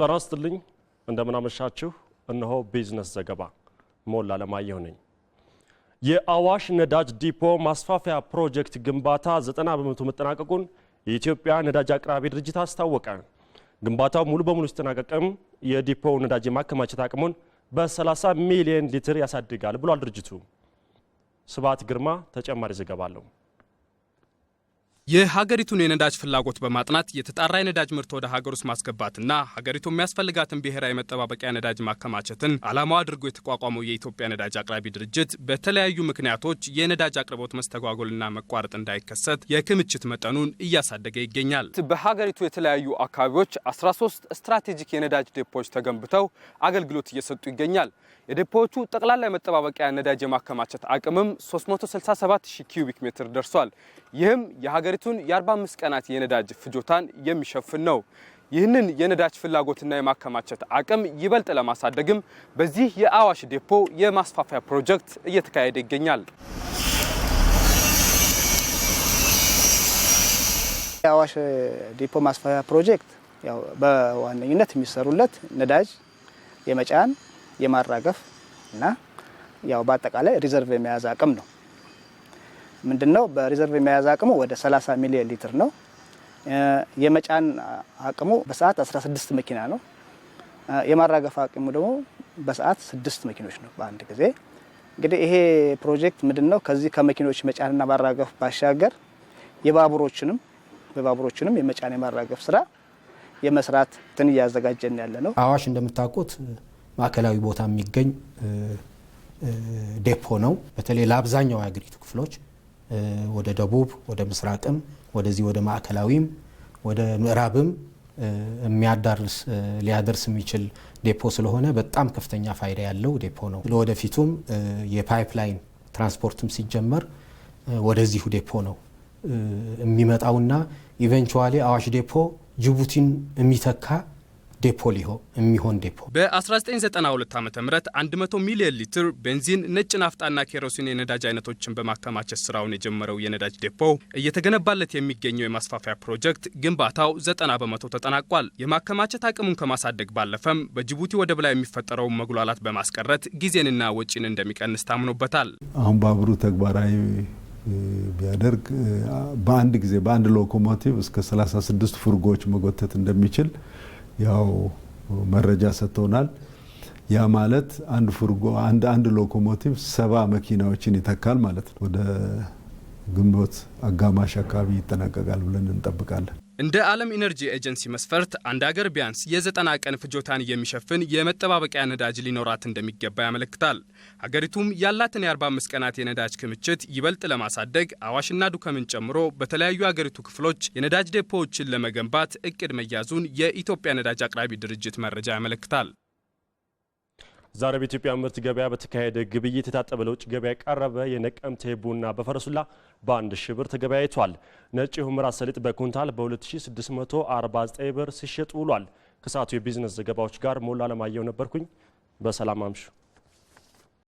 ጤና ይስጥልኝ እንደምናመሻችሁ። እነሆ ቢዝነስ ዘገባ ሞላ ለማየሁ ነኝ። የአዋሽ ነዳጅ ዲፖ ማስፋፊያ ፕሮጀክት ግንባታ 90 በመቶ መጠናቀቁን የኢትዮጵያ ነዳጅ አቅራቢ ድርጅት አስታወቀ። ግንባታው ሙሉ በሙሉ ሲጠናቀቅም የዲፖ ነዳጅ የማከማቸት አቅሙን በ30 ሚሊዮን ሊትር ያሳድጋል ብሏል ድርጅቱ። ስብሐት ግርማ ተጨማሪ ዘገባ አለው። የሀገሪቱን የነዳጅ ፍላጎት በማጥናት የተጣራ የነዳጅ ምርት ወደ ሀገር ውስጥ ማስገባትና ሀገሪቱ የሚያስፈልጋትን ብሔራዊ መጠባበቂያ ነዳጅ ማከማቸትን ዓላማው አድርጎ የተቋቋመው የኢትዮጵያ ነዳጅ አቅራቢ ድርጅት በተለያዩ ምክንያቶች የነዳጅ አቅርቦት መስተጓጎልና መቋረጥ እንዳይከሰት የክምችት መጠኑን እያሳደገ ይገኛል። በሀገሪቱ የተለያዩ አካባቢዎች 13 ስትራቴጂክ የነዳጅ ዴፖዎች ተገንብተው አገልግሎት እየሰጡ ይገኛል። የዴፖዎቹ ጠቅላላ መጠባበቂያ ነዳጅ የማከማቸት አቅምም 367 ኪዩቢክ ሜትር ደርሷል። ይህም የሀገሪ የሀገሪቱን የ45 ቀናት የነዳጅ ፍጆታን የሚሸፍን ነው። ይህንን የነዳጅ ፍላጎትና የማከማቸት አቅም ይበልጥ ለማሳደግም በዚህ የአዋሽ ዴፖ የማስፋፊያ ፕሮጀክት እየተካሄደ ይገኛል። የአዋሽ ዴፖ ማስፋፊያ ፕሮጀክት ያው በዋነኝነት የሚሰሩለት ነዳጅ የመጫን የማራገፍ እና ያው በአጠቃላይ ሪዘርቭ የመያዝ አቅም ነው። ምንድነው በሪዘርቭ የመያዝ አቅሙ ወደ 30 ሚሊዮን ሊትር ነው። የመጫን አቅሙ በሰዓት 16 መኪና ነው። የማራገፍ አቅሙ ደግሞ በሰዓት ስድስት መኪኖች ነው በአንድ ጊዜ። እንግዲህ ይሄ ፕሮጀክት ምንድነው ከዚህ ከመኪኖች መጫንና ማራገፍ ባሻገር የባቡሮችንም በባቡሮችንም የመጫን የማራገፍ ስራ የመስራት ትን እያዘጋጀን ያለ ነው። አዋሽ እንደምታውቁት ማዕከላዊ ቦታ የሚገኝ ዴፖ ነው። በተለይ ለአብዛኛው የሀገሪቱ ክፍሎች ወደ ደቡብ፣ ወደ ምስራቅም፣ ወደዚህ ወደ ማዕከላዊም፣ ወደ ምዕራብም የሚያዳርስ ሊያደርስ የሚችል ዴፖ ስለሆነ በጣም ከፍተኛ ፋይዳ ያለው ዴፖ ነው። ለወደፊቱም የፓይፕላይን ትራንስፖርትም ሲጀመር ወደዚሁ ዴፖ ነው የሚመጣውና ኢቨንቹዋሊ አዋሽ ዴፖ ጅቡቲን የሚተካ ዴፖ የሚሆን ዴፖ በ1992 ዓ ም 100 ሚሊዮን ሊትር ቤንዚን፣ ነጭ ናፍጣና ኬሮሲን የነዳጅ አይነቶችን በማከማቸት ስራውን የጀመረው የነዳጅ ዴፖ እየተገነባለት የሚገኘው የማስፋፊያ ፕሮጀክት ግንባታው 90 በመቶ ተጠናቋል። የማከማቸት አቅሙን ከማሳደግ ባለፈም በጅቡቲ ወደብ ላይ የሚፈጠረውን መጉላላት በማስቀረት ጊዜንና ወጪን እንደሚቀንስ ታምኖበታል። አሁን ባቡሩ ተግባራዊ ቢያደርግ በአንድ ጊዜ በአንድ ሎኮሞቲቭ እስከ 36 ፉርጎዎች መጎተት እንደሚችል ያው መረጃ ሰጥተውናል። ያ ማለት አንድ ፉርጎ አንድ አንድ ሎኮሞቲቭ ሰባ መኪናዎችን ይተካል ማለት ነው። ወደ ግንቦት አጋማሽ አካባቢ ይጠናቀቃል ብለን እንጠብቃለን። እንደ ዓለም ኢነርጂ ኤጀንሲ መስፈርት አንድ አገር ቢያንስ የዘጠና ቀን ፍጆታን የሚሸፍን የመጠባበቂያ ነዳጅ ሊኖራት እንደሚገባ ያመለክታል። ሀገሪቱም ያላትን የ45 ቀናት የነዳጅ ክምችት ይበልጥ ለማሳደግ አዋሽና ዱከምን ጨምሮ በተለያዩ አገሪቱ ክፍሎች የነዳጅ ዴፖዎችን ለመገንባት እቅድ መያዙን የኢትዮጵያ ነዳጅ አቅራቢ ድርጅት መረጃ ያመለክታል። ዛሬ በኢትዮጵያ ምርት ገበያ በተካሄደ ግብይት የታጠበ ለውጭ ገበያ ቀረበ። የነቀምቴ ቡና በፈረሱላ በአንድ ሺህ ብር ተገበያይቷል። ነጭ ሁምራ ሰሊጥ በኩንታል በ2649 ብር ሲሸጥ ውሏል። ከሰዓቱ የቢዝነስ ዘገባዎች ጋር ሞላ አለማየሁ ነበርኩኝ። በሰላም አምሹ።